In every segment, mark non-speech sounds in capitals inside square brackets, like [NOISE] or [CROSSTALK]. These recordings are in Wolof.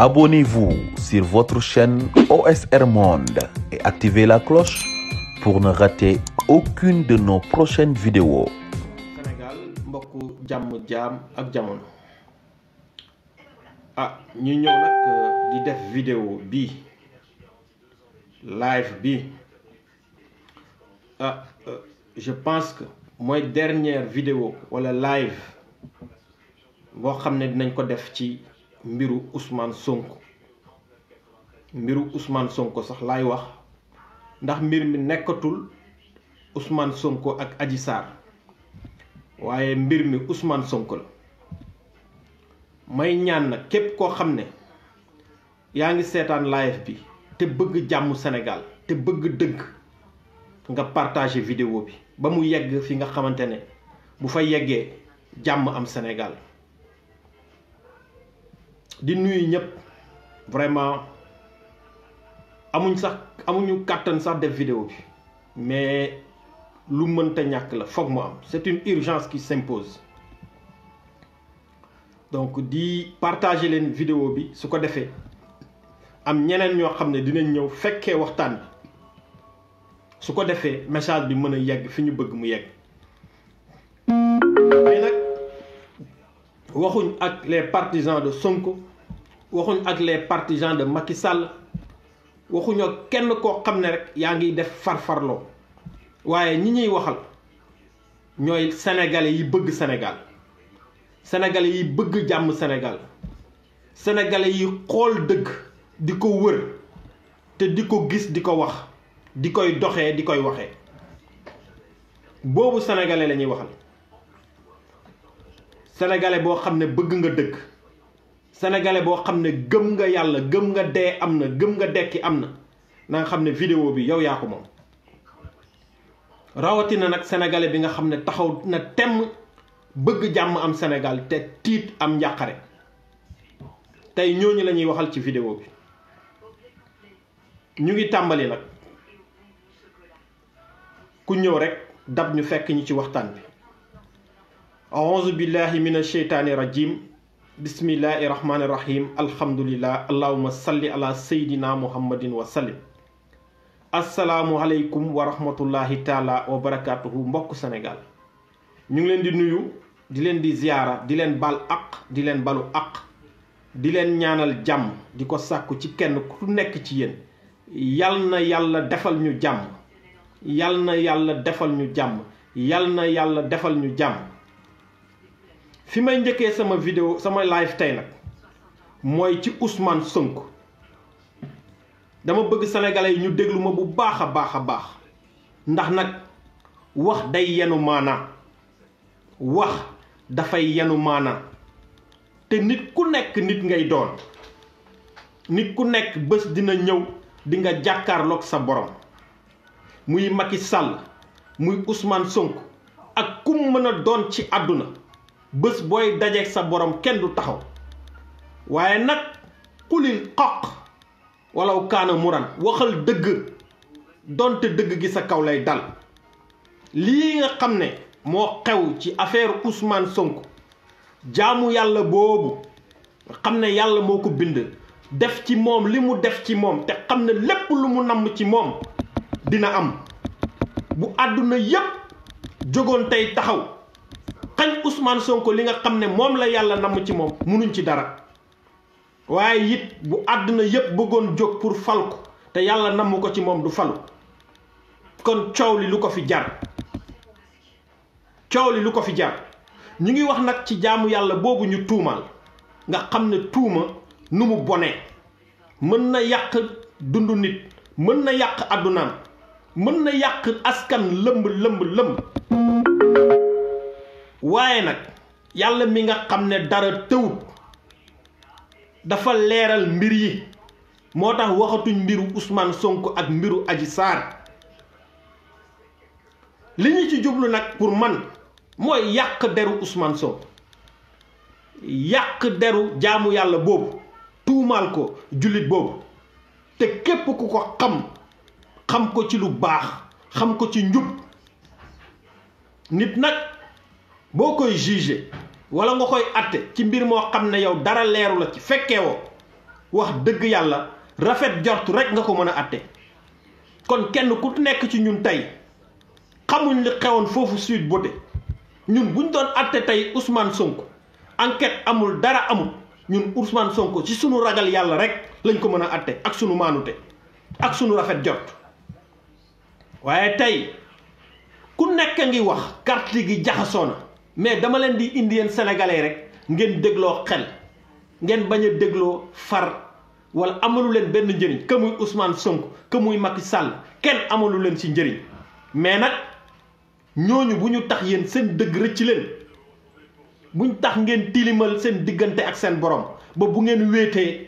Abonnez-vous sur votre chaîne OSR Monde et activez la cloche pour ne rater aucune de nos prochaines vidéos. Sénégal mbokku jàmm jaam ak jamono ah ñu ñëw nag euh, di def vidéo bi live bi ah, euh, je pense que mooy dernière vidéo wala live boo xam ne dinañ ko def ci. mbiru usmaan sonk mbiru Ousmane Sonko sax laay wax ndax mbir mi nekkatul usmaan Sonko ak Adji waaye mbir mi usmaan Sonko la may ñaan na képp koo xam ne yaa ngi seetaan live bi te bëgg jàmm Sénégal te bëgg dëgg nga partagé vidéo bi ba mu yegg fi nga xamante ne bu fa yeggee jàmm am senegal di nuyu ñëpp vraiment amuñ sax amuñu kàttan sax def vidéo bi mais lu mënta ñàkk la foog mu am c'est une urgence qui s'impose donc di partager leen vidéo bi su ko defee am ñeneen ñoo xam ne dinañ ñëw fekkee waxtaan bi su ko defee message bi mën a yegg fi ñu bëgg mu yegg mais nag waxuñ ak les partisans de Sonko waxuñ ak les partisans de Macky Sall waxuñoo kenn koo xam ne rek yaa ngi def farfarloo waaye ñi ñuy waxal ñooy sénégalais yi bëgg senegal sénégalais yi bëgg jàmm senegal sénégalais yi xool dëgg di ko wër te di ko gis di ko wax di koy doxee di koy waxee boobu sénégalais lañuy waxal sénégalais boo xam ne bëgg nga dëgg sénégalais boo xam ne gëm nga yàlla gëm nga dee am na gëm nga dekki am na na nga xam ne vidéo bi yow yaa ko moom rawatina nag sénégalais bi nga xam ne taxaw na temm bëgg jàmm am senegal te tiit am njàqare tey ñooñu la ñuy waxal ci vidéo bi ñu ngi tàmbali nag ku ñëw rek dab ñu fekk ñu ci waxtaan bi aouzu billahi min asheytaani rajim bismillahi rahmaani rahim alhamdulillah allahuma salli ala seydina muhammadin wa sallim asalaamualeykum wa rahmatullahi taala wa mbokk senegaal ñu ngi leen di nuyu di leen di ziyaara di leen bal aq di leen balu aq di leen ñaanal jàmm di ko sàkku ci kenn ku nekk ci yéen yal na yàlla defal ñu jàmm yal na yàlla defal ñu jàmm yal na yàlla defal ñu jàmm fi may njëkkee sama vidéo sama live tey nag mooy ci Ousmane Sonko dama bëgg sénégalais yi ñu déglu ma bu baax a baax a baax ndax nag wax day yenu maanaa wax dafay yenu maanaa te nit ku nekk nit ngay doon nit ku nekk bés dina ñëw dinga nga jàkkaarloog sa borom muy Macky sàll muy usmaan Sonko ak kum mën a doon ci àdduna bés booy dajeeg sa boroom kenn du taxaw waaye nag xulil xoq walaw kaana muran waxal dëgg donte dëgg gi sa kaw lay dal lii nga xam ne moo xew ci affaire Ousmane sonk jaamu yàlla boobu nga xam ne yàlla moo ko bind def ci moom li mu def ci moom te xam ne lépp lu mu namm ci moom dina am bu àdduna yépp jógoon tey taxaw xañ Ousmane Sonko li nga xam ne moom la yàlla namm ci moom mënuñ ci dara waaye it bu àdduna yépp bëggoon jóg pour fal te yàlla namm ko ci moom du falu kon coow li lu ko fi jar coow li lu ko fi jar ñu ngi wax nag ci jaamu yàlla boobu ñu tuumaal nga xam ne tuuma nu mu bonee mën na yàq dund nit mën na yàq àddunaam mën na yàq askan lëmb lëmb lëmb waaye nag yàlla mi nga xam ne dara tëwut dafa leeral mbir yi moo tax waxatuñ mbiru usmaan Sonko ak mbiru aji Sarr li ñu ci jublu nag pour man mooy yàq deru Ousmane Sonko yàq deru jaamu yàlla boobu tuumaal ko jullit boobu te képp ku ko xam xam ko ci lu baax xam ko ci njub nit nag boo koy jugé wala nga koy atte ci mbir moo xam ne yow dara leeru la ci fekkee woo wax dëgg yàlla rafet jot rek nga ko mën a atte kon kenn ku nekk ci ñun tey xamuñ li xewoon foofu Sweet Beauté ñun buñ doon atte tey Ousmane Sonko enquête amul dara amul ñun Ousmane Sonko ci sunu ragal yàlla rek lañ ko mën a atte ak sunu maanute ak sunu rafet jot waaye tey ku nekk ngi wax carte gi jaxasoo na mais dama leen di indi yéen sénégalais rek ngeen dégloo xel ngeen bañ a dégloo far wala amalu leen benn njëriñ que muy Ousmane Sonko que muy Macky Sall kenn amalu leen ci njëriñ mais nag ñooñu bu ñu tax yéen seen dëgg rëcc leen buñ tax ngeen tilimal seen diggante ak seen borom ba bu ngeen wéetee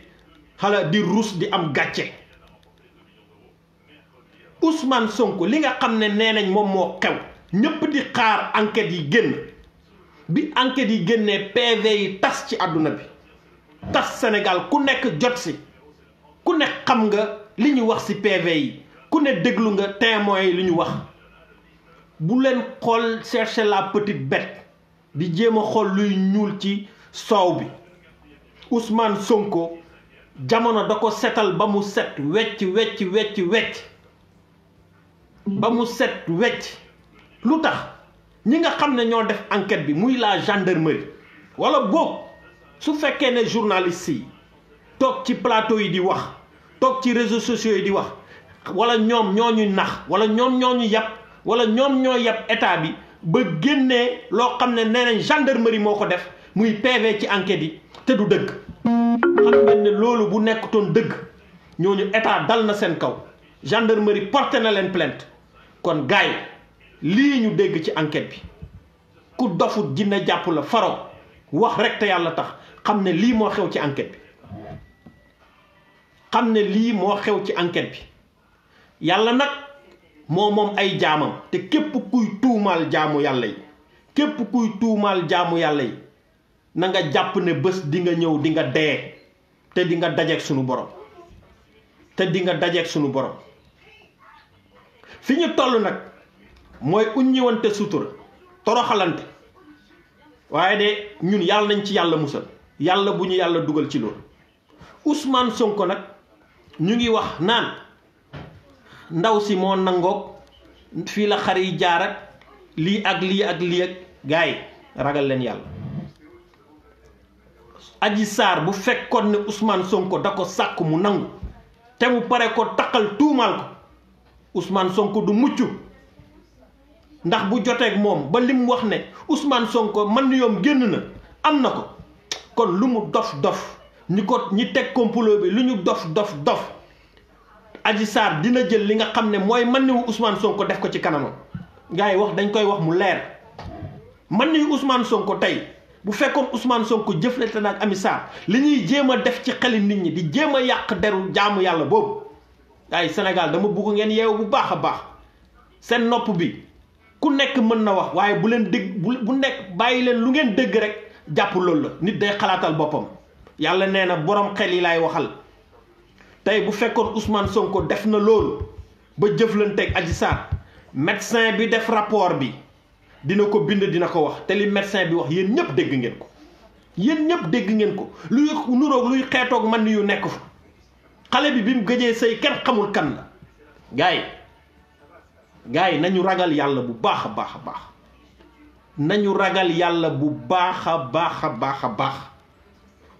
xale di ruus di am gàcce Ousmane Sonko li nga xam ne nee nañ moom moo xew ñëpp di xaar enquête yi génn. bi enquête yi génnee PV yi tas ci àdduna bi tas senegal ku nekk jot si ku ne xam nga li ñu wax si PV yi ku ne déglu nga témoins yi li ñu wax bu leen xool chercher la petite bête di jéem a xool luy ñuul ci soow bi Ousmane sonkoo jamono da ko setal ba mu set wecc wecc wecc wecc ba mu set wecc lu tax ñi nga xam ne ñoo def enquête bi muy la gendarmerie wala boog su fekkee ne journaliste yi toog ci plateau yi di wax toog ci réseaux sociaux yi di wax wala ñoom ñoo ñu nax wala ñoom ñoo ñu yàpp wala ñoom ñoo yàpp état bi ba génnee loo xam ne ne nañ gendarmerie moo ko def muy PV ci enquête yi te du dëgg. xam ne loolu bu nekkutoon dëgg ñu état dal na seen kaw gendarmerie porté na leen plainte kon gars yi lii ñu dégg ci enquête bi ku dofu jinne jàpp la faro wax rek te yàlla tax xam ne lii moo xew ci enquête bi xam ne lii moo xew ci enquête bi yàlla nag moo moom ay jaamam te képp kuy tuumaal jaamu yàlla yi képp kuy tuumaal jaamu yàlla yi na nga jàpp ne bés di nga ñëw dinga nga te dinga nga sunu borom te di nga dajeeg sunu borom fi ñu toll nag. mooy uññiwante sutura toroxalante waaye de ñun yàlla nañ ci yàlla musal yàlla bu ñu yàlla dugal ci lool usmaan Sonko nag ñu ngi wax naan ndaw si moo nangoog fii la xar yi jaar ak lii ak lii ak lii ragal leen yàlla aji saar bu fekkoon ne usmaan Sonko da ko sàkk mu nangu te mu pare ko taqal tuumaal ko Ousmane Sonko du mucc ndax bu joteeg moom ba lim wax ne Ousmane Sonko man yoom génn na am na ko kon lu mu dof dof ñi ko ñi teg complot bi lu ñu dof dof dof aji Sarr dina jël li nga xam ne mooy man usmaan Ousmane ko def ko ci kanamam gars wax dañ koy wax mu leer man niwu Ousmane ko tey bu fekkoon usmaan Sonko jëflante na ak Ami Sarr li ñuy jéem a def ci xeli nit ñi di jéem a yàq deru jaamu yàlla boobu gars senegal Sénégal dama bugg ngeen yeewu bu baax a baax seen nopp bi ku nekk mën na wax waaye bu leen dégg bu bu nekk bàyyi leen lu ngeen dégg rek jàpp loolu la nit day xalaatal boppam yàlla nee na borom xel yi laay waxal tey bu fekkoon Ousmane Sonko def na loolu ba jëflanteeg Adji Sarr médecin bi def rapport bi dina ko bind dina ko wax te li médecin bi wax yéen ñëpp dégg ngeen ko yéen ñëpp dégg ngeen ko luy nuroog luy xeetoog man yu nekk fa xale bi bi mu gëjee sëy kenn xamul kan la gars gaa yi nañu ragal yàlla bu baax a baax a baax nañu ragal yàlla bu baax a baax a baax a baax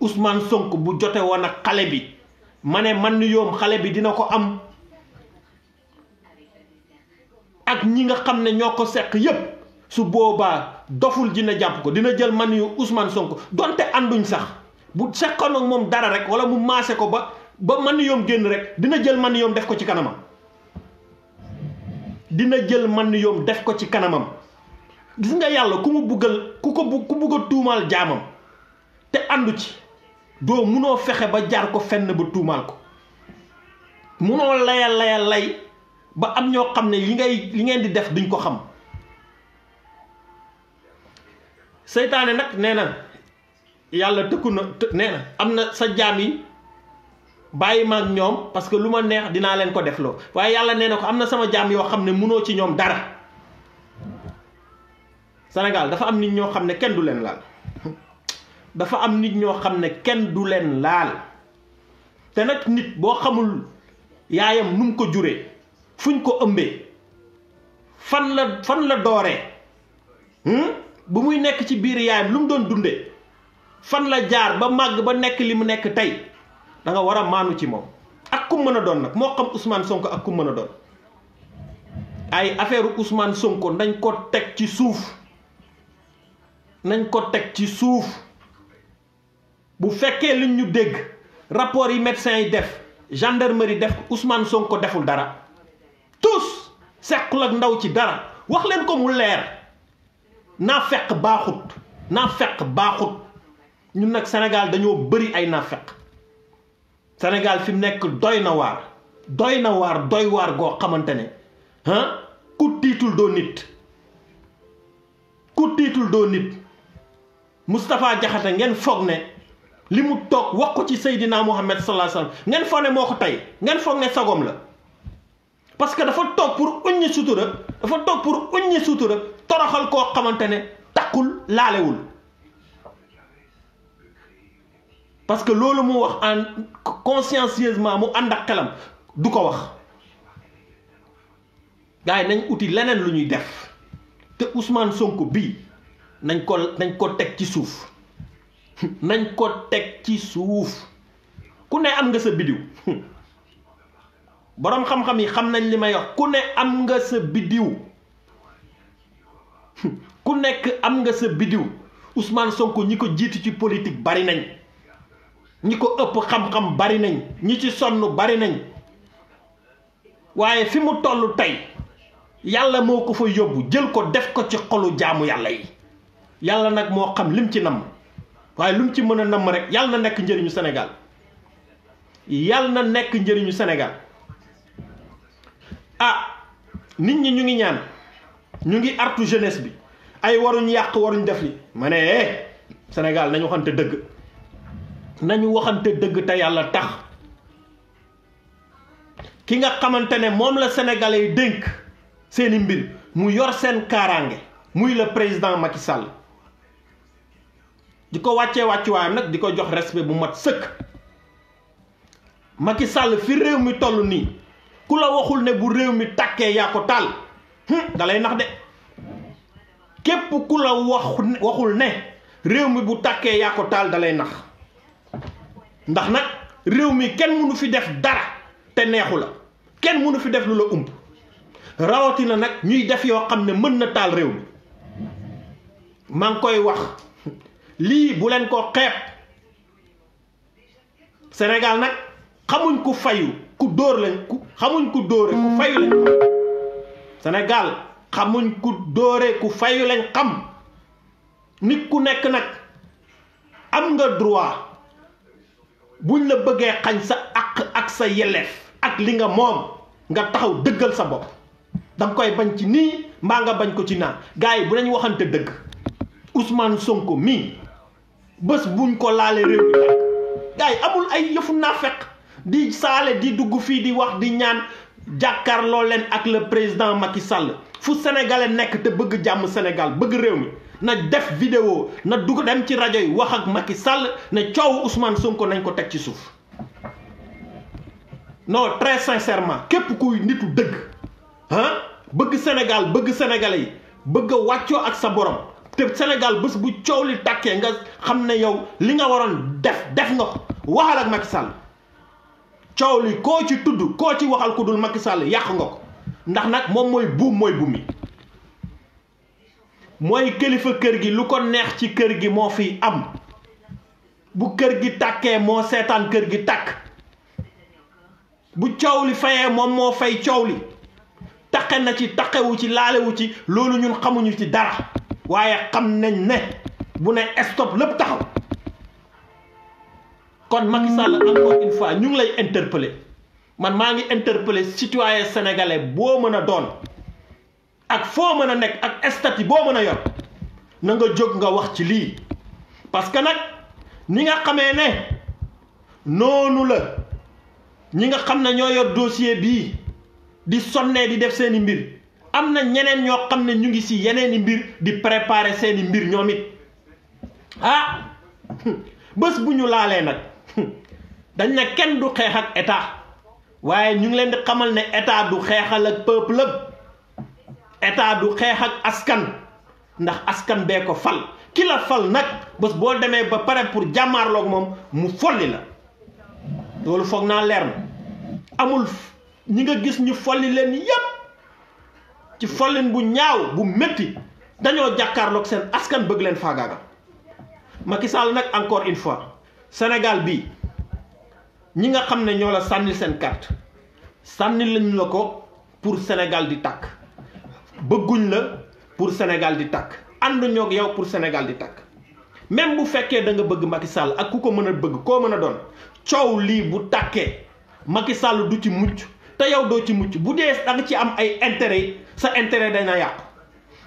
Ousmane Sonko bu jote woon ak xale bi ma ne man yoom xale bi dina ko am ak ñi nga xam ne ñoo ko seq yépp su boobaa doful dina jàpp ko dina jël man yu Ousmane Sonko donte ànduñ sax bu seqoon ak moom dara rek wala mu maase ko ba ba man yoom génn rek dina jël man yoom def ko ci kanamam dina jël man yoom def ko ci kanamam gis nga yàlla ku mu buggal ku ko ku bugg a tuumaal jaamam te àndu ci doo mënoo fexe ba jaar ko fenn ba tuumaal ko mënoo laya laya lay ba am ñoo xam ne li ngay li ngeen di def duñ ko xam seytaane nag nee na yàlla tëkku na nee na am na sa jaam yi bàyyi ma ak ñoom parce que lu ma neex dinaa leen ko defloo waaye yàlla nee na ko am na sama jaam yoo xam ne mënoo ci ñoom dara senegal dafa am nit ñoo xam ne kenn du leen laal dafa am nit ñoo xam ne kenn du leen laal te nag nit boo xamul yaayam nu mu ko juree fuñ ko ëmbee fan la fan la dooree hmm? bu muy nekk ci biir yaayam lu mu doon dundee fan la jaar ba màgg ba nekk li mu nekk tey danga war a maanu ci moom ak ku mën a doon nag moo xam Ousmane Sonko ak ku mën a doon ay affaire Ousmane Sonko nañ ko teg ci suuf nañ ko teg ci suuf bu fekkee liñ ñu dégg rapport yi médecins yi def gendarmerie def Ousmane Sonko deful dara tous sequl ak ndaw ci dara wax leen ko mu leer naa fekk baaxut naa baaxut ñun nag senegal dañoo bëri ay naa Sénégal fi mu nekk doy na waar doy na waar doy waar goo xamante ne ah ku tiitul doo nit ku tiitul doo nit Moustapha Diakhaté ngeen foog ne li mu toog wax ko ci Seydina Mouhamed sallallahu alayhi wasallam ngeen foog ne moo ko tey ngeen foog ne sagom la parce que dafa toog pour uññi sutura dafa toog pour uññi sutura toroxal koo xamante ne takkul laalewul parce que loolu mu wax en consciencieusement mu ànd ak xelam du ko wax gars yi nañ uti leneen lu ñuy def te Ousmane Sonko bii nañ ko nañ ko teg ci suuf [LAUGHS] nañ ko teg ci suuf ku ne am nga sa bidiw [LAUGHS] boroom xam-xam yi xam nañ li may wax ku ne am nga sa bidiw [LAUGHS] ku nekk am nga sa bidiw Ousmane Sonko ñi ko jiitu ci politique bari nañ ñi ko ëpp xam-xam bari nañ ñi ci sonn bari nañ waaye fi mu toll tey yàlla moo ko fa yóbbu jël ko def ko ci xolu jaamu yàlla yi yàlla nag moo xam lim ci namm waaye lum ci mën a namm rek yàlla na nekk njëriñu senegal yàlla na nekk njëriñu senegal a ah, nit ñi ñu ngi ñaan ñu ngi artu jeunesse bi ay waruñ yàq waruñ def li ma ne eh, Sénégal nañu waxante dëgg nañu waxante dëgg te yàlla tax ki nga xamante ne moom la sénégalais yi dénk seeni mbir mu yor seen kaaraange muy la président Macky Sall di ko wàccee wàccuwaayam nag di ko jox respect bu mat sëkk Macky Sall fi réew mi toll nii ku la waxul ne bu réew mi tàkkee yaa ko taal da lay nax de képp ku la waxul ne réew mi bu tàkkee yaa ko taal dalay nax ndax nag réew mi kenn mënu fi def dara te neexu la kenn mënu fi def lu la ump rawatina nag ñuy def yoo xam ne mën na taal réew mi maa ngi koy wax lii bu leen koo xeeb senegal nag xamuñ ku fayu ku dóor lañ ku xamuñ ku dóore ku fayu lañ xam xamuñ ku dóore ku fayu lañ xam nit ku nekk nag am nga droit buñ la bëggee xañ sa àq ak sa yelleef ak li nga moom nga taxaw dëggal sa bopp da koy bañ ci nii mbaa nga bañ ko ci naan gars yi bu nañ waxante dëgg Ousmane Sonko mii bés buñ ko laalee réew mi gars yi amul ay yëfu naafeq di saale di dugg fii di wax di ñaan jàkkaarloo leen ak la président Macky sàll fu sénégalais nekk te bëgg jàmm Sénégal bëgg réew mi na def vidéo na dugg dem ci rajo yi wax ak Macky sàll ne coow Ousmane Sonko nañ ko teg ci suuf non très sincèrement képp kuy nitu dëgg ah bëgg senegal bëgg Sénégalais bëgg a wàccoo ak sa borom te senegal bés bu coow li tàkkee nga xam ne yow li nga waroon def def nga ko waxal ak Macky Sall coow li koo ci tudd koo ci waxal ku dul Macky sàll yàq nga ko ndax nag moom mooy buum mooy buum mi mooy kilifa kër gi lu ko neex ci kër gi moo fi am bu kër gi tàkkee moo seetaan kër gi tàkk bu coow li fayee moom moo fay coow li taqe na ci taqewu ci laalewu ci loolu ñun xamuñu ci dara waaye xam nañ ne bu ne stop lépp taxaw kon Macky Sall encore une fois ñu ngi lay interpeller man maa ngi interpeller citoyen sénégalais boo mën a doon ak foo mën a nekk ak statut boo mën a yor na nga jóg nga wax ci lii parce que nag ñi nga xamee ne noonu la ñi nga xam ne ñoo yor dossier bii di sonnee di def seeni mbir am na ñeneen ñoo xam ne ñu ngi ci yeneeni mbir di préparer seeni mbir ñoom it ah [LAUGHS] bés bu ñu laalee nag [LAUGHS] dañ ne kenn du xeex ak état waaye ñu ngi leen di xamal ne état du xeexal ak peuple état du xeex ak askan ndax askan bee ko fal ki la fal nag bës boo demee ba pare pour jàmmaarloog moom mu folli la loolu foog naa leer na amul ñi nga gis ñu folli leen yépp ci follin bu ñaaw bu métti dañoo jàkkaarlook seen askan bëgg leen faagaaga Macky Sall nag encore une fois Sénégal bii ñi nga xam ne ñoo la sànnil seen carte sànni lañu la ko pour Sénégal di takk bëgguñu la pour Sénégal di takk ànduñoo ak yow pour Sénégal di takk même bu fekkee da nga bëgg Macky Sall ak ku ko mën a bëgg koo mën a doon coow lii bu tàkkee Macky Sall du ci mucc te yow doo ci mucc bu dee da nga ci am ay intérêt sa intérêt dana yàqu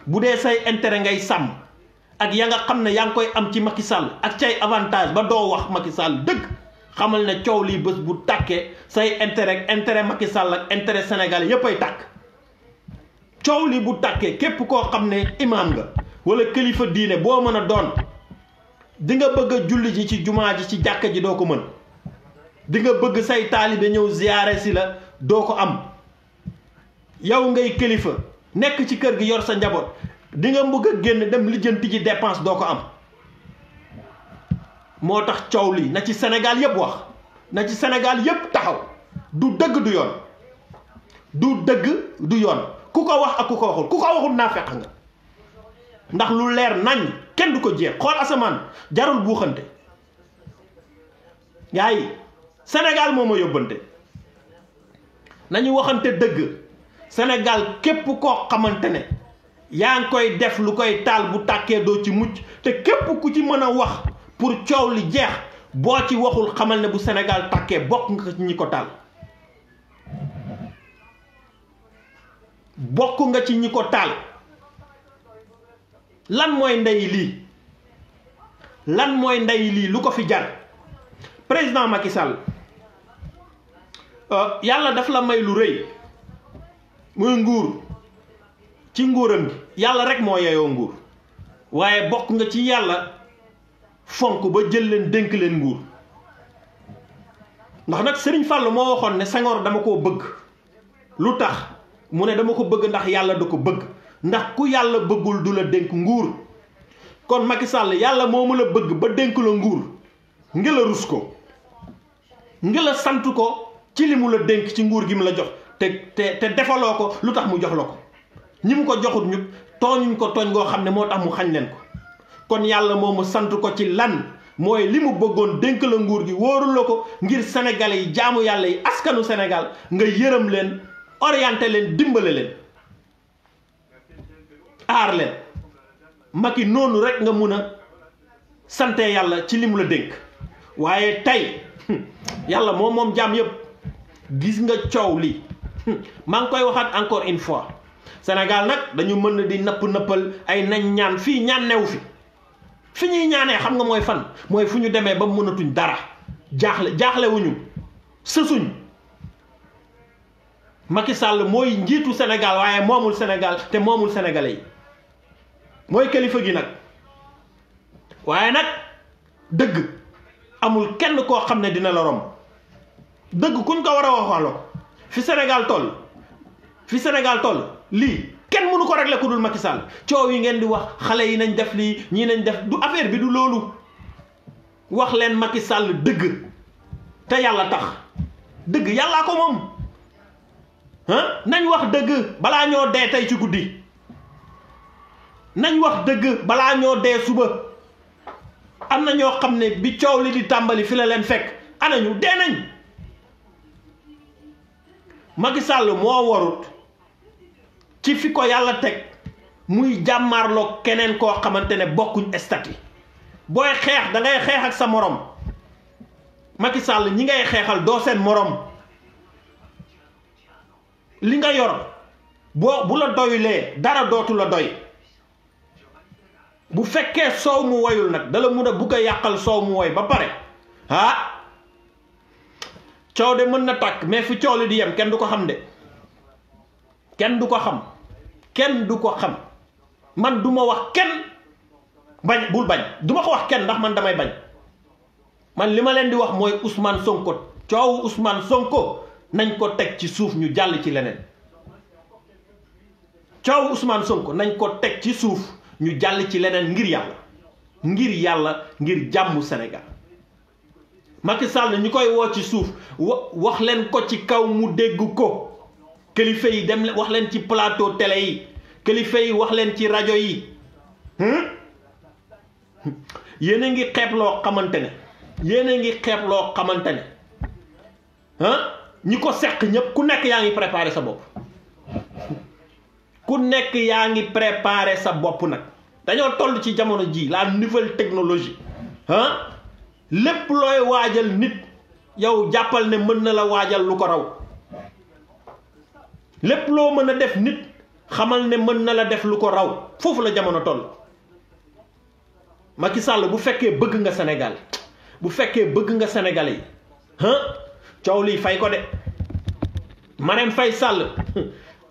bu dee say intérêt ngay sàmm ak ya nga xam ne yaa ngi koy am ci Macky Sall ak cay avantage ba doo wax Macky Sall dëgg xamal ne coow lii bés bu tàkkee say intérêt intérêt Macky Sall ak intérêt Sénégal yépp ay tàkk coow li bu tàkkee képp koo xam ne imaan nga wala kilifa diine boo mën a doon di nga bëgg julli ji ci jumaa ji ci jàkka ji doo ko mën di nga bëgg say taalibe ñëw ziyaare si la doo ko am yow ngay kilifa nekk ci kër gi yor sa njaboot dinga bëgg génn dem lijjanti ji dépense doo ko am moo tax coow li na ci senegal yëpp wax na ci senegal yëpp taxaw du dëgg du yoon du dëgg du yoon ku ko wax ak ku ko waxul ku ko waxul naa feq nga ndax lu leer nañ kenn du ko jeex xool asamaan jarul buuxante yaay yi Sénégal moo yóbbante nañu waxante dëgg Sénégal képp ko xamante ne yaa ngi koy def lu koy taal bu tàkkee doo ci mucc te képp ku ci mën a wax pour coow li jeex boo ci waxul xamal ne bu Sénégal tàkkee bokk nga ci ñi ko taal bokk nga ci ñi ko taal lan mooy ndey lii lan mooy ndey lii lu ko fi jar président Macky Sall euh, yàlla daf la may lu rëy muy nguur ci nguuram gi yàlla rek moo yeyoo nguur waaye bokk nga ci yàlla fonk ba jël leen dénk leen nguur ndax nag Serigne Fallou moo waxoon ne Senghor dama koo bëgg lu tax mu ne dama ko bëgg ndax yàlla du ko bëgg ndax ku yàlla bëggul du la dénk nguur kon Macky sàll yàlla moomu la bëgg ba dénk la nguur nga la rus ko nga la sant ko ci li mu la dénk ci nguur gi mu la jox te te te defaloo ko lu tax mu jox la ko ñi mu ko joxut ñu tooñuñ ko tooñ goo xam ne moo tax mu xañ leen ko kon yàlla moomu sant ko ci lan mooy li mu bëggoon dénk la nguur gi wóorul la ko ngir sénégalais yi jaamu yàlla yi askanu Sénégal nga yërëm leen orienté leen dimbale leen aar leen Macky noonu rek nga mun a sante yàlla ci limu la dénk waaye tey yàlla moo moom jaam yëpp gis nga coow li maa ngi koy waxaat encore une fois Sénégal nag dañu mën di napp nëppal ay nañ ñaan fii ñaan newu fi fi ñuy ñaanee xam nga mooy fan mooy fu ñu demee ba mu mënatuñ dara jaaxle jaaxlewuñu sësuñ Macky Sall mooy njiitu Sénégal waaye moomul Sénégal te moomul sénégalais yi mooy kilifa gi nag waaye nag dëgg amul kenn koo xam ne dina la romb dëgg kuñ ko war a waxalo fi Sénégal toll fi Sénégal toll lii kenn mënu ko régler ku dul Macky Sall coow yi ngeen di wax xale yi nañ def lii ñii nañ def du affaire bi du loolu wax leen Macky Sall dëgg te yàlla tax dëgg yàllaa ko moom nañ wax dëgg balaa ñoo dee tey ci guddi nañ wax dëgg balaa ñoo dee suba am na ñoo xam ne bi coow li di tàmbali fi la leen fekk anañu dee nañ Macky moo warut ci fi ko yàlla teg muy jàmmarloo keneen koo xamante ne bokkuñ statut booy xeex dangay xeex ak sa moroom Macky Sall ñi ngay xeexal doo seen moroom li nga yor boo bu la doyulee dara dootu la doy bu fekkee soow mu woyul nag dala mun a bugg a yàqal soow mu woy ba pare ah coow de mën na tàkk mais fi coow li di yem kenn du ko xam de kenn du ko xam kenn du ko xam man duma wax kenn bañ bul bañ du ma ko wax kenn ndax man damay bañ man li ma leen di wax mooy Ousmane Sonko coowu Ousmane Sonko nañ ko teg ci suuf ñu jàll ci leneen coow Ousmane Sonko nañ ko teg ci suuf ñu jàll ci leneen ngir yàlla ngir yàlla ngir jàmm senegal Macky Sall ñu koy woo ci suuf wax leen ko ci kaw mu dégg ko kilifa yi dem wax leen ci plateau tele yi kilifa yi wax leen ci rajo yi hmm? yéen a ngi xeetloo loo xamante ne yéen a ngi xeeb loo xamante ne ñi ko seq ñëpp ku nekk yaa ngi préparé sa bopp ku nekk yaa ngi préparé sa bopp nag dañoo toll ci jamono ji laa nouvelle technologie ah lépp looy waajal nit yow jàppal ne mën na la waajal lu ko raw lépp loo mën a def nit xamal ne mën na la def lu ko raw foofu la jamono toll Macky sàll bu fekkee bëgg nga Sénégal bu fekkee bëgg nga Sénégalais yi coow lii fay ko de Marème fay sàll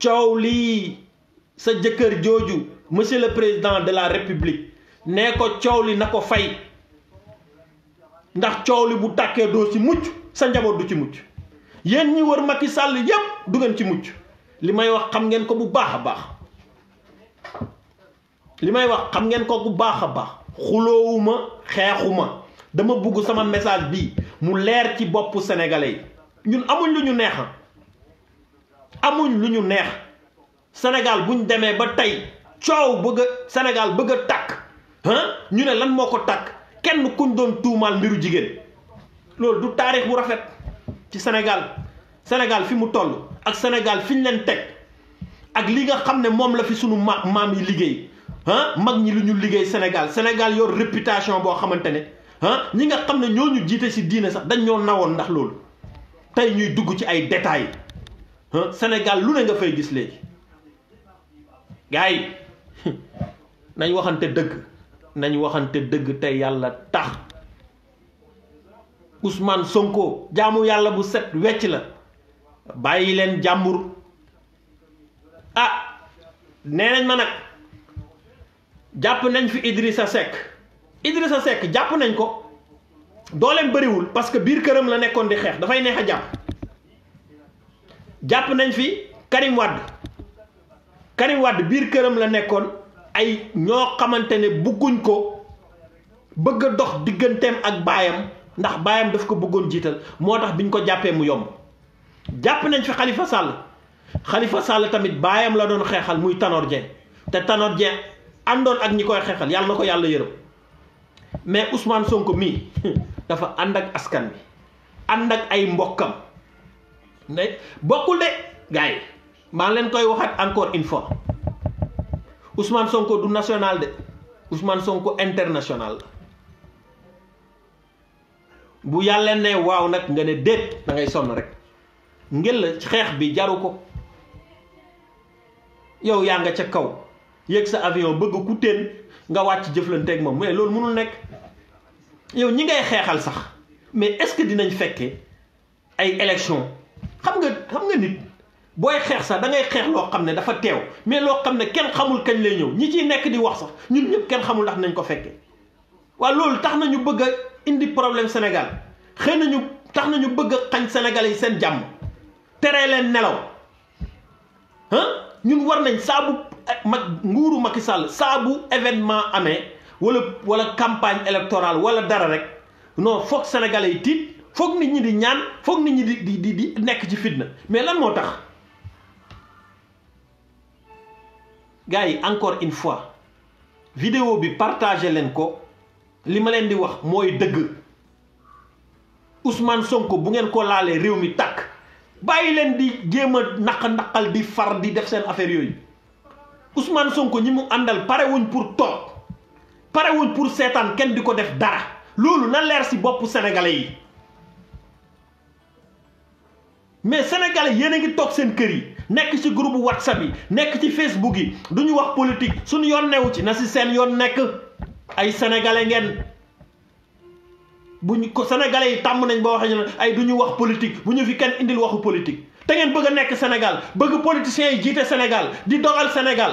coow lii sa jëkkër jooju monsieur le président de la république nee ko coow li na ko fay ndax coow li bu tàkkee door ci mucc sa njaboot du ci mucc yéen ñi wër Macky Sall yépp du ngeen ci mucc li may wax xam ngeen ko bu baax a baax li may wax xam ngeen ko bu baax a baax xuloowuma xeexuma dama bugg sama message bi mu leer ci boppu sénégalais yi ñun amuñ lu ñu neex amuñ lu ñu neex Sénégal buñ demee ba tey coow bëgg a Sénégal bëgg a tàkk ñu ne lan moo ko tàkk kenn kuñ doon tuumaal mbiru jigéen loolu du taarix bu rafet ci Sénégal Sénégal fi mu toll ak Sénégal fi ñu leen teg ak li nga xam ne moom la fi sunu maam yi liggéey ah mag ñi lu ñu liggéey Sénégal Sénégal yor réputation boo xamante ne ah ñi nga xam ne ñoo ñu jiite si diine sax dañ ñoo nawoon ndax loolu tey ñuy dugg ci ay détails senegal lu ne nga fay gis léegi gars yi [LAUGHS] nañ waxante dëgg nañ waxante dëgg te yàlla tax Ousmane Sonko jaamu yàlla bu set wecc la bàyyi leen jàmbur ah nee nañ ma nag jàpp nañ fi Idrissa Seck Idrissa Seck jàpp nañ ko dooleem bëriwul parce que biir këram la nekkoon di xeex dafay neex a jàpp jàpp nañ fi Karim Wade Karim Wade biir këram la nekkoon ay ñoo xamante ne bëgguñ ko bëgg a dox digganteem ak baayam ndax baayam daf ko bëggoon jiital moo tax biñ ko jàppee mu yomb jàpp nañ fi Khalifa Sall Khalifa sàll tamit baayam la doon xeexal muy Tanor Dieng te tanoor Dieng àndoon ak ñi koy xeexal yàlla na ko yàlla yërëm mais Ousmane Sonko mii [LAUGHS] dafa ànd ak askan bi ànd ak ay mbokkam ne bokkul de gars yi maa ngi leen koy waxaat encore une fois Ousmane Sonko du national de Ousmane Sonko international la bu yàlla ne waaw nag nga ne déet da sonn rek ngel xeex bi jaru ko yow yaa nga ca kaw yéeg sa avion bëgg ku teen nga wàcc jëflanteeg moom mais loolu mënul nekk yow ñi ngay xeexal sax mais est-ce que dinañ fekkee ay élection xam nga xam nga nit booy xeex sax da xeex loo xam ne dafa teew mais loo xam ne kenn xamul kañ lay ñëw ñi ci nekk di wax sax ñun ñëpp kenn xamul ndax nañ ko fekkee waaw loolu tax nañu bëgg indi problème Sénégal xëy nañu tax nañu bëgg a xañ Sénégalais yi seen jàmm teree leen nelaw ah ñun war nañ saabu mag nguuru Macky Sall saa événement amee wala wala campagne électorale wala dara rek non foog sénégalais yi tiit foog nit ñi di ñaan foog nit ñi di di di nekk ci fitna mais lan moo tax gars yi encore une fois vidéo bi partagé leen ko li ma leen di wax mooy dëgg Ousmane Sonko bu ngeen ko laalee réew mi takk bàyyi leen di jéem a naq naqal di far di def seen affaire yooyu Ousmane Sonko ñi mu àndal parewuñ pour toog parewuñ pour seetaan kenn di ko def dara loolu na leer si boppu sénégalais yi mais sénégalais yéen a ngi toog seen kër yi nekk ci groupe whatsapp yi nekk ci facebook yi ñu wax politique suñu yoon newu ci na si seen yoon nekk ay sénégalais ngeen buñ ko sénégalais yi tàmm nañ boo waxee ñu ne ay ñu wax politique bu ñu fi kenn indil waxu politique. te ngeen bëgg a nekk Sénégal bëgg politiciens yi jiite Sénégal di dogal Sénégal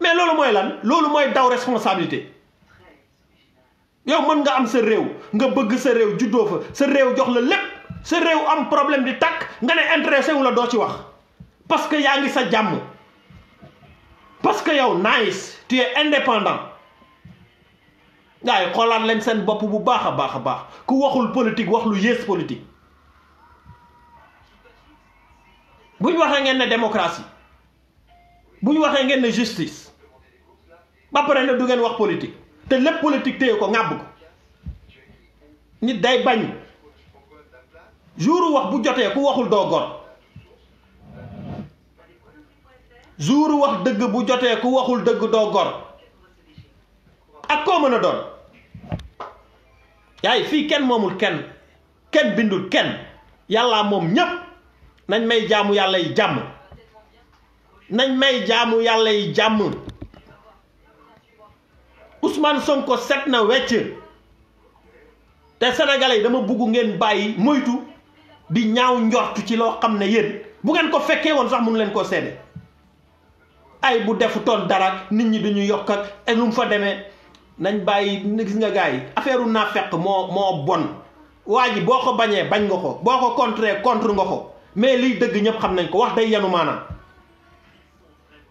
mais loolu mooy lan loolu mooy daw responsabilité yow mën nga am sa réew nga bëgg sa réew juddoo fa sa réew jox la lépp sa réew am problème di takk nga ne intéressé wu la doo ci wax parce que yaa ngi sa jàmm parce que yow nice tu es indépendant waaye xoolaat leen seen bopp bu baax a baax a baax ku waxul politique wax lu yées politique bu ñu waxee ngeen ne démocratie bu ñu waxee ngeen ne justice ba pare ne du ngeen wax politique te lépp politique téye ko ŋàbb ko nit day bañ jouru wax bu jotee ku waxul doo gor jouru wax dëgg bu jotee ku waxul dëgg doo gor ak koo mën a doon yaay fii kenn moomul kenn kenn bindul kenn yàllaa moom ñépp nañ may jaamu yàlla yi jàmm nañ may jaamu yàlla yi jàmm Ousmane Sonko set na wecc te senegale yi dama bugg ngeen bàyyi moytu di ñaaw njort ci loo xam ne yéen bu ngeen ko fekkee woon sax mun leen koo seede ay bu def ton dara nit ñi duñu yokk ak et fa demee nañ bàyyi gis nga gars yi affaire u naafeq moo moo bon waa ji boo ko bañee bañ nga ko boo ko contrer contre nga ko mais liy dëgg ñëpp xam nañ ko wax day yanu maanaam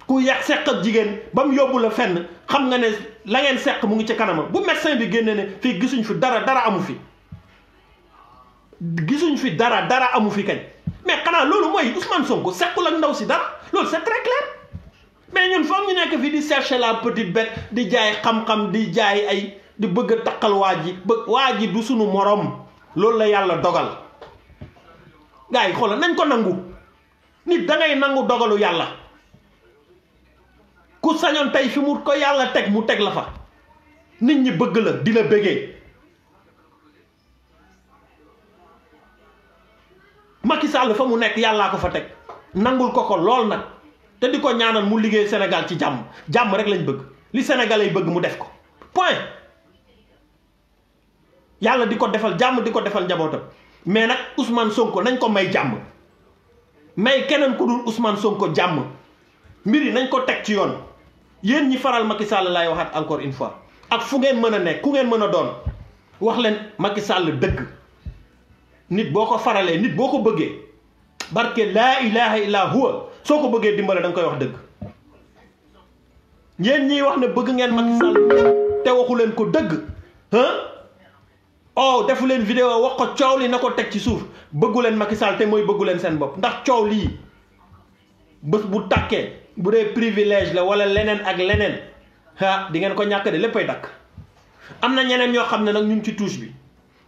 ku yàq seq ak jigéen ba mu yóbbu la fenn xam nga ne la ngeen seq mu ngi ci kanamam bu médecin bi génne ne fii gisuñ fi dara dara amu fi gisuñ fi dara dara amu fi kañ mais xanaa loolu mooy Ousmane Sonko sequl la ndaw si dara loolu c'est très clair mais ñun foog ñu nekk fii di chercher la petite bête di jaay xam-xam di jaay ay di bëgg a taqal waa ji bëgg waa ji du sunu moroom loolu la yàlla dogal. gars yi nañ ko nangu nit da ngay nangu dogalu yàlla ku sañoon tey fi mu ko yàlla teg mu teg la fa nit ñi bëgg la di la bëggee Macky Sall fa mu nekk yàllaa ko fa teg nangul ko ko lool nag te di ko ñaanal mu liggéey senegal ci jàmm jàmm rek lañ bëgg li senegal yi bëgg mu def ko point yàlla di ko defal jàmm di ko defal njabootam. mais nag Ousmane Sonko nañ ko may jàmm may keneen ku dul Ousmane Sonko jàmm mbir yi nañ ko teg ci yoon yéen ñi faral Macky Sall laay waxaat encore une fois ak fu ngeen mën a nekk ku ngeen mën a doon wax leen Macky Sall dëgg nit boo ko faralee nit boo ko bëggee barke laa ilaha illa soo ko bëggee dimbale da koy wax dëgg yéen ñiy wax ne bëgg ngeen Macky te waxu leen ko dëgg oh defu leen vidéo wax ko coow li na ko teg ci suuf bëggu leen Macky Sall te mooy bëggu leen seen bopp ndax coow lii bés bu tàkkee bu dee privilège la wala leneen ak leneen ah di ngeen ko ñàkk de léppay dakk am na ñeneen ñoo xam ne nag ñu ngi ci tuus bi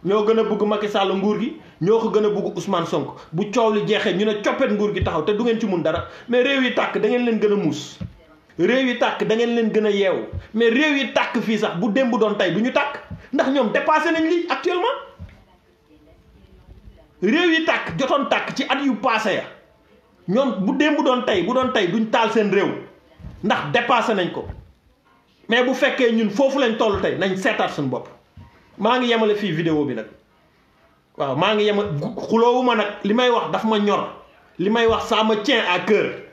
ñoo gën a bëgg Macky Sall nguur gi ñoo ko gën a bëgg Ousmane Sonko bu coow li jeexee ñu ne coppet nguur gi taxaw te du ngeen ci mun dara mais réew yi tàkk da ngeen leen gën a muus. réew yi tàkk da ngeen leen gën a yeewu mais réew yi tàkk fii sax bu démb doon tey du ñu tàkk ndax ñoom dépassé nañ lii actuellement réew yi tàkk jotoon tàkk ci at yu passé ya ñoom bu démb doon tey bu doon tey duñu taal seen réew ndax dépassé nañ ko mais bu fekkee ñun foofu lañ toll tey nañ seetaat suñu bopp maa ngi yemale fii vidéo bi nag waaw maa ngi yemale xuloowu ma nag li may wax daf ma ñor li may wax ça me tient à cœur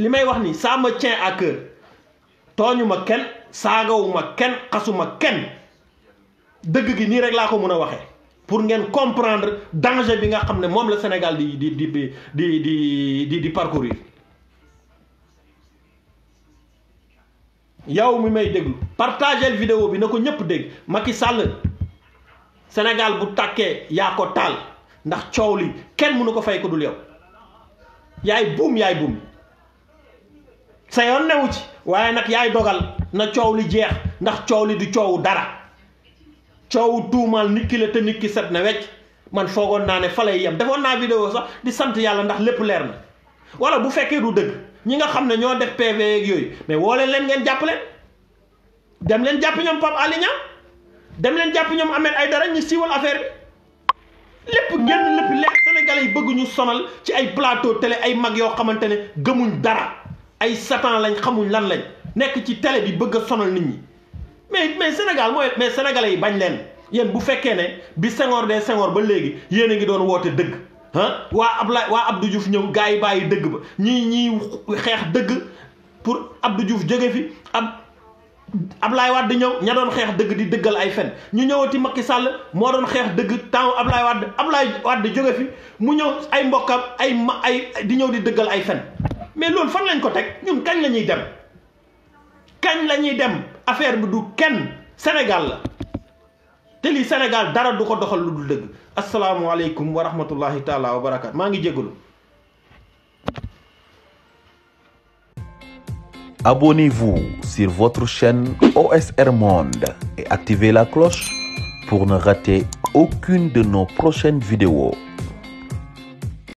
li may wax ni ça me tient à cœur tooñu ma kenn saagawuma kenn xasuma kenn dëgg gi nii rek laa ko mën a waxee pour ngeen comprendre danger bi nga xam ne moom la Sénégal di di di di di di di parcourir yow mi may déglu partagel vidéo bi na ko ñëpp dégg Macky sàll Sénégal bu tàkkee yaa ko taal ndax coow li kenn mënu ko fay ko dul yow yaay buum yaay buum. sa yoon newu ci waaye nag yaay dogal na coow li jeex ndax coow li du coow dara coow tuumaal nit ki la te nit ki set na wecc man foogoon naa ne fa lay yem defoon naa vidéo sax di sant yàlla ndax lépp leer na wala bu fekkee du dëgg ñi nga xam ne ñoo def PV ak yooyu mais woo leen leen ngeen jàpp leen dem leen jàpp ñoom Pape Alé Niang dem leen jàpp ñoom Ahmed Aïdara ñu siiwal affaire bi lépp ngeen lépp leer Sénégalais yi bëgg sonal ci ay plateau télé ay mag yoo xamante ne gëmuñ dara. ay satan lañ xamuñ lan lañ nekk ci télé bi bëgg sonal nit ñi mais mais Sénégal mooy mais sénégalais yi bañ leen yéen bu fekkee ne bi Senghor de Senghor ba léegi yéen a ngi doon woote dëgg ah waa Ablaye waa Abdou Diouf ñëw gars yi bàyyi dëgg ba ñii ñii xeex dëgg pour Abdou Diouf jóge fi ab Ablaye Wade ñëw ña doon xeex dëgg di dëggal ay fen ñu ñëwati Macky sàll moo doon xeex dëgg temps Ablaye Wade Ablaye Wade jóge fi mu ñëw ay mbokkam ay ma ay di ñëw di dëggal ay fen mais loolu fan lañ ko teg ñun kañ lañuy ñuy dem kañ la dem affaire bi du kenn Sénégal la te lii Sénégal dara du ko doxal lu dul dëgg asalaamualeykum wa rahmatullahi taala wa barakaatu maa ngi jégalu. Abonnez-vous sur votre chaîne OSR Monde et activez la cloche pour ne rater aucune de nos prochaines vidéos.